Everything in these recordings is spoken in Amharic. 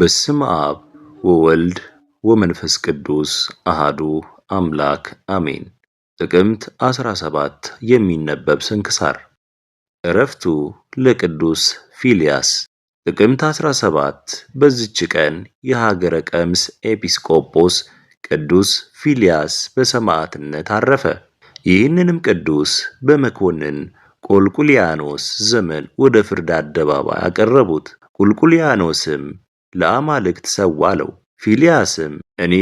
በስም አብ ወወልድ ወመንፈስ ቅዱስ አሃዱ አምላክ አሜን። ጥቅምት 17 የሚነበብ ስንክሳር። እረፍቱ ለቅዱስ ፊልያስ። ጥቅምት 17 በዚች ቀን የሀገረ ቀምስ ኤጲስቆጶስ ቅዱስ ፊልያስ በሰማዕትነት አረፈ። ይህንንም ቅዱስ በመኮንን ቁልቁሊያኖስ ዘመን ወደ ፍርድ አደባባይ አቀረቡት። ቁልቁሊያኖስም ለአማልክት ሰዋ አለው። ፊልያስም እኔ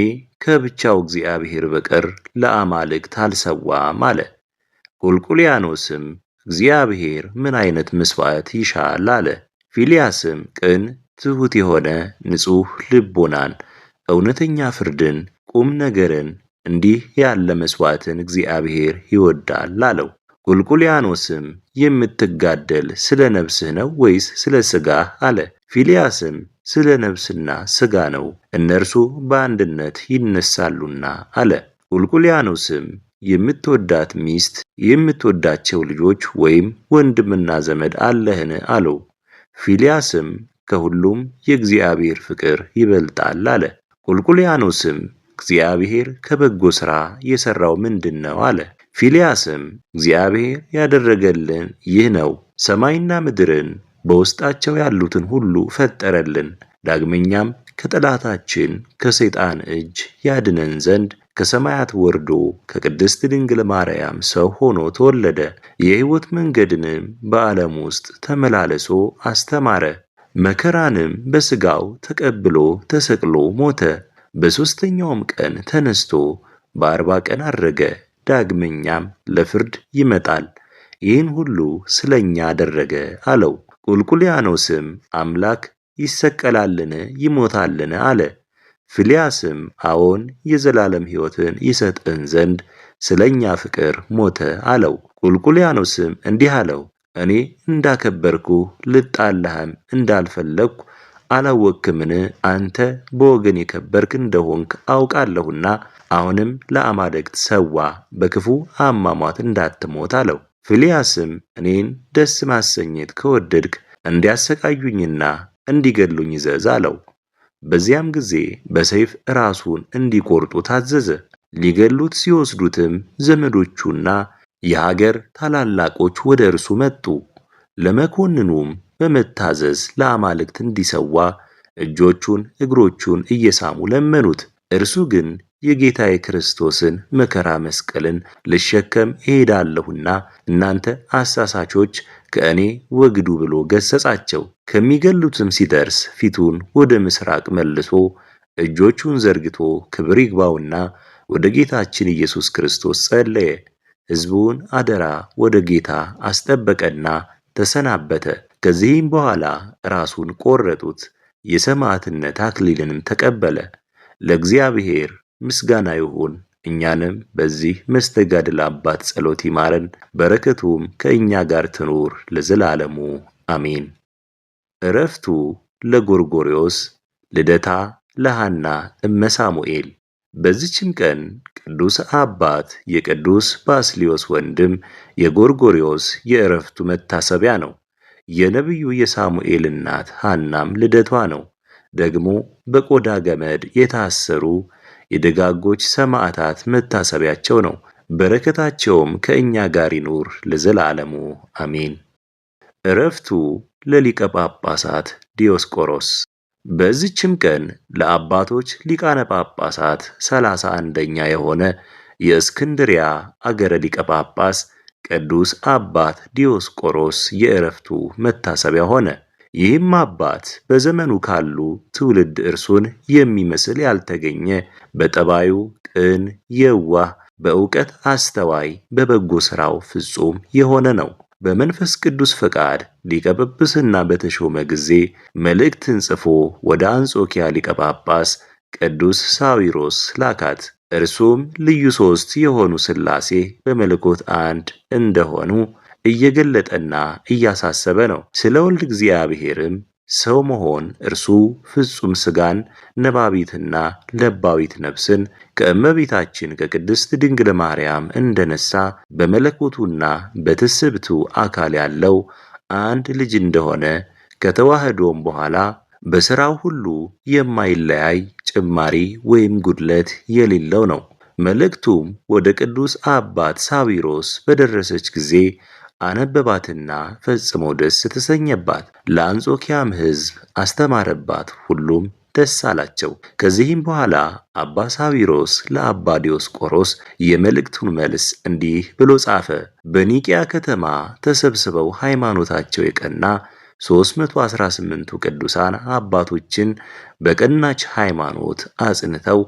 ከብቻው እግዚአብሔር በቀር ለአማልክት አልሰዋም አለ። ጎልቁልያኖስም እግዚአብሔር ምን አይነት መስዋዕት ይሻል አለ። ፊልያስም ቅን፣ ትሑት የሆነ ንጹሕ ልቦናን፣ እውነተኛ ፍርድን፣ ቁም ነገርን እንዲህ ያለ መስዋዕትን እግዚአብሔር ይወዳል አለው። ጎልቁልያኖስም የምትጋደል ስለ ነፍስህ ነው ወይስ ስለ ሥጋህ አለ። ፊልያስም ስለ ነፍስና ሥጋ ነው፣ እነርሱ በአንድነት ይነሳሉና አለ። ቁልቁልያኖስም የምትወዳት ሚስት፣ የምትወዳቸው ልጆች ወይም ወንድምና ዘመድ አለህን? አለው። ፊልያስም ከሁሉም የእግዚአብሔር ፍቅር ይበልጣል አለ። ቁልቁልያኖስም እግዚአብሔር ከበጎ ሥራ የሠራው ምንድን ነው? አለ። ፊልያስም እግዚአብሔር ያደረገልን ይህ ነው፣ ሰማይና ምድርን በውስጣቸው ያሉትን ሁሉ ፈጠረልን። ዳግመኛም ከጠላታችን ከሰይጣን እጅ ያድነን ዘንድ ከሰማያት ወርዶ ከቅድስት ድንግል ማርያም ሰው ሆኖ ተወለደ። የሕይወት መንገድንም በዓለም ውስጥ ተመላለሶ አስተማረ። መከራንም በሥጋው ተቀብሎ ተሰቅሎ ሞተ። በሦስተኛውም ቀን ተነስቶ በአርባ ቀን አረገ። ዳግመኛም ለፍርድ ይመጣል። ይህን ሁሉ ስለ እኛ አደረገ አለው። ቁልቁልያኖስም አምላክ ይሰቀላልን ይሞታልን አለ። ፊልያስም አዎን የዘላለም ሕይወትን ይሰጥን ዘንድ ስለ እኛ ፍቅር ሞተ አለው። ቁልቁልያኖስም እንዲህ አለው፣ እኔ እንዳከበርኩ ልጣላህም እንዳልፈለግኩ አላወቅክምን? አንተ በወገን የከበርክ እንደሆንክ አውቃለሁና አሁንም ለአማልክት ሰዋ፣ በክፉ አሟሟት እንዳትሞት አለው። ፊልያስም እኔን ደስ ማሰኘት ከወደድክ እንዲያሰቃዩኝና እንዲገድሉኝ እዘዝ አለው። በዚያም ጊዜ በሰይፍ ራሱን እንዲቆርጡ ታዘዘ። ሊገሉት ሲወስዱትም ዘመዶቹና የሀገር ታላላቆች ወደ እርሱ መጡ። ለመኮንኑም በመታዘዝ ለአማልክት እንዲሰዋ እጆቹን እግሮቹን እየሳሙ ለመኑት። እርሱ ግን የጌታ የክርስቶስን መከራ መስቀልን ልሸከም እሄዳለሁና እናንተ አሳሳቾች ከእኔ ወግዱ ብሎ ገሰጻቸው። ከሚገሉትም ሲደርስ ፊቱን ወደ ምስራቅ መልሶ እጆቹን ዘርግቶ ክብር ይግባውና ወደ ጌታችን ኢየሱስ ክርስቶስ ጸለየ። ሕዝቡን አደራ ወደ ጌታ አስጠበቀና ተሰናበተ። ከዚህም በኋላ ራሱን ቆረጡት፣ የሰማዕትነት አክሊልንም ተቀበለ። ለእግዚአብሔር ምስጋና ይሁን። እኛንም በዚህ መስተጋድል አባት ጸሎት ይማረን፣ በረከቱም ከእኛ ጋር ትኑር ለዘላለሙ አሜን። እረፍቱ ለጎርጎሪዮስ ልደታ ለሃና እመሳሙኤል። በዚችም ቀን ቅዱስ አባት የቅዱስ ባስልዮስ ወንድም የጎርጎርዮስ የእረፍቱ መታሰቢያ ነው። የነቢዩ የሳሙኤል እናት ሃናም ልደቷ ነው። ደግሞ በቆዳ ገመድ የታሰሩ የደጋጎች ሰማዕታት መታሰቢያቸው ነው። በረከታቸውም ከእኛ ጋር ይኑር ለዘላለሙ አሜን። እረፍቱ ለሊቀ ጳጳሳት ዲዮስቆሮስ። በዚችም ቀን ለአባቶች ሊቃነ ጳጳሳት ሰላሳ አንደኛ የሆነ የእስክንድሪያ አገረ ሊቀ ጳጳስ ቅዱስ አባት ዲዮስቆሮስ የእረፍቱ መታሰቢያ ሆነ። ይህም አባት በዘመኑ ካሉ ትውልድ እርሱን የሚመስል ያልተገኘ በጠባዩ ቅን፣ የዋህ፣ በእውቀት አስተዋይ፣ በበጎ ሥራው ፍጹም የሆነ ነው። በመንፈስ ቅዱስ ፈቃድ ሊቀ ጵጵስና በተሾመ ጊዜ መልእክትን ጽፎ ወደ አንጾኪያ ሊቀ ጳጳስ ቅዱስ ሳዊሮስ ላካት። እርሱም ልዩ ሦስት የሆኑ ሥላሴ በመለኮት አንድ እንደሆኑ እየገለጠና እያሳሰበ ነው። ስለ ወልድ እግዚአብሔርም ሰው መሆን እርሱ ፍጹም ስጋን፣ ነባቢትና ለባዊት ነፍስን ከእመቤታችን ከቅድስት ድንግል ማርያም እንደነሳ በመለኮቱና በትስብቱ አካል ያለው አንድ ልጅ እንደሆነ ከተዋህዶም በኋላ በሥራው ሁሉ የማይለያይ ጭማሪ ወይም ጉድለት የሌለው ነው። መልእክቱም ወደ ቅዱስ አባት ሳዊሮስ በደረሰች ጊዜ አነበባትና ፈጽሞ ደስ ተሰኘባት። ለአንጾኪያም ሕዝብ አስተማረባት፣ ሁሉም ደስ አላቸው። ከዚህም በኋላ አባ ሳዊሮስ ለአባ ዲዮስቆሮስ የመልእክቱን መልስ እንዲህ ብሎ ጻፈ። በኒቅያ ከተማ ተሰብስበው ሃይማኖታቸው የቀና 318ቱ ቅዱሳን አባቶችን በቀናች ሃይማኖት አጽንተው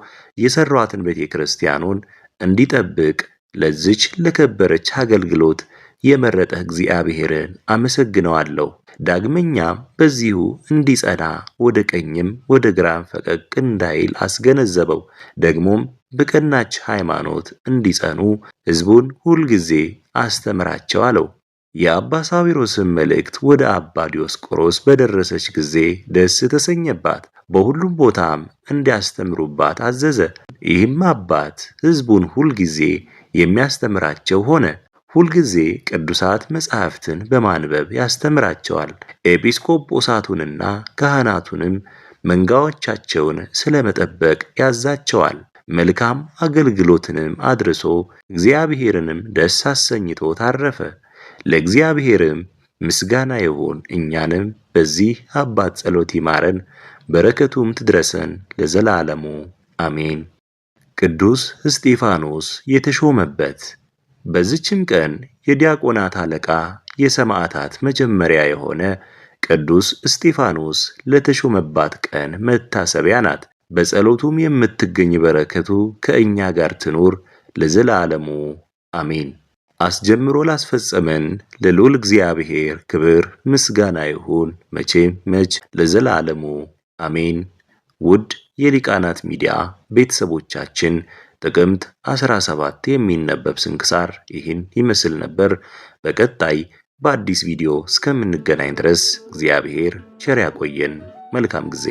የሠሯትን ቤተ ክርስቲያኑን እንዲጠብቅ ለዚች ለከበረች አገልግሎት የመረጠህ እግዚአብሔርን አመሰግነዋለሁ። ዳግመኛም በዚሁ እንዲጸና ወደ ቀኝም ወደ ግራም ፈቀቅ እንዳይል አስገነዘበው። ደግሞም በቀናች ሃይማኖት እንዲጸኑ ሕዝቡን ሁልጊዜ አስተምራቸው አለው። የአባ ሳዊሮስን መልእክት ወደ አባ ዲዮስቆሮስ በደረሰች ጊዜ ደስ ተሰኘባት። በሁሉም ቦታም እንዲያስተምሩባት አዘዘ። ይህም አባት ሕዝቡን ሁልጊዜ የሚያስተምራቸው ሆነ። ሁልጊዜ ቅዱሳት መጻሕፍትን በማንበብ ያስተምራቸዋል። ኤጲስቆጶሳቱንና ካህናቱንም መንጋዎቻቸውን ስለ መጠበቅ ያዛቸዋል። መልካም አገልግሎትንም አድርሶ እግዚአብሔርንም ደስ አሰኝቶ ታረፈ። ለእግዚአብሔርም ምስጋና ይሁን። እኛንም በዚህ አባት ጸሎት ይማረን፣ በረከቱም ትድረሰን ለዘላለሙ አሜን። ቅዱስ እስጢፋኖስ የተሾመበት በዚችም ቀን የዲያቆናት አለቃ የሰማዕታት መጀመሪያ የሆነ ቅዱስ እስጢፋኖስ ለተሾመባት ቀን መታሰቢያ ናት። በጸሎቱም የምትገኝ በረከቱ ከእኛ ጋር ትኑር ለዘላለሙ አሜን። አስጀምሮ ላስፈጸመን ለልዑል እግዚአብሔር ክብር ምስጋና ይሁን መቼም መች ለዘላለሙ አሜን። ውድ የሊቃናት ሚዲያ ቤተሰቦቻችን ጥቅምት 17 የሚነበብ ስንክሳር ይህን ይመስል ነበር። በቀጣይ በአዲስ ቪዲዮ እስከምንገናኝ ድረስ እግዚአብሔር ቸር ያቆየን። መልካም ጊዜ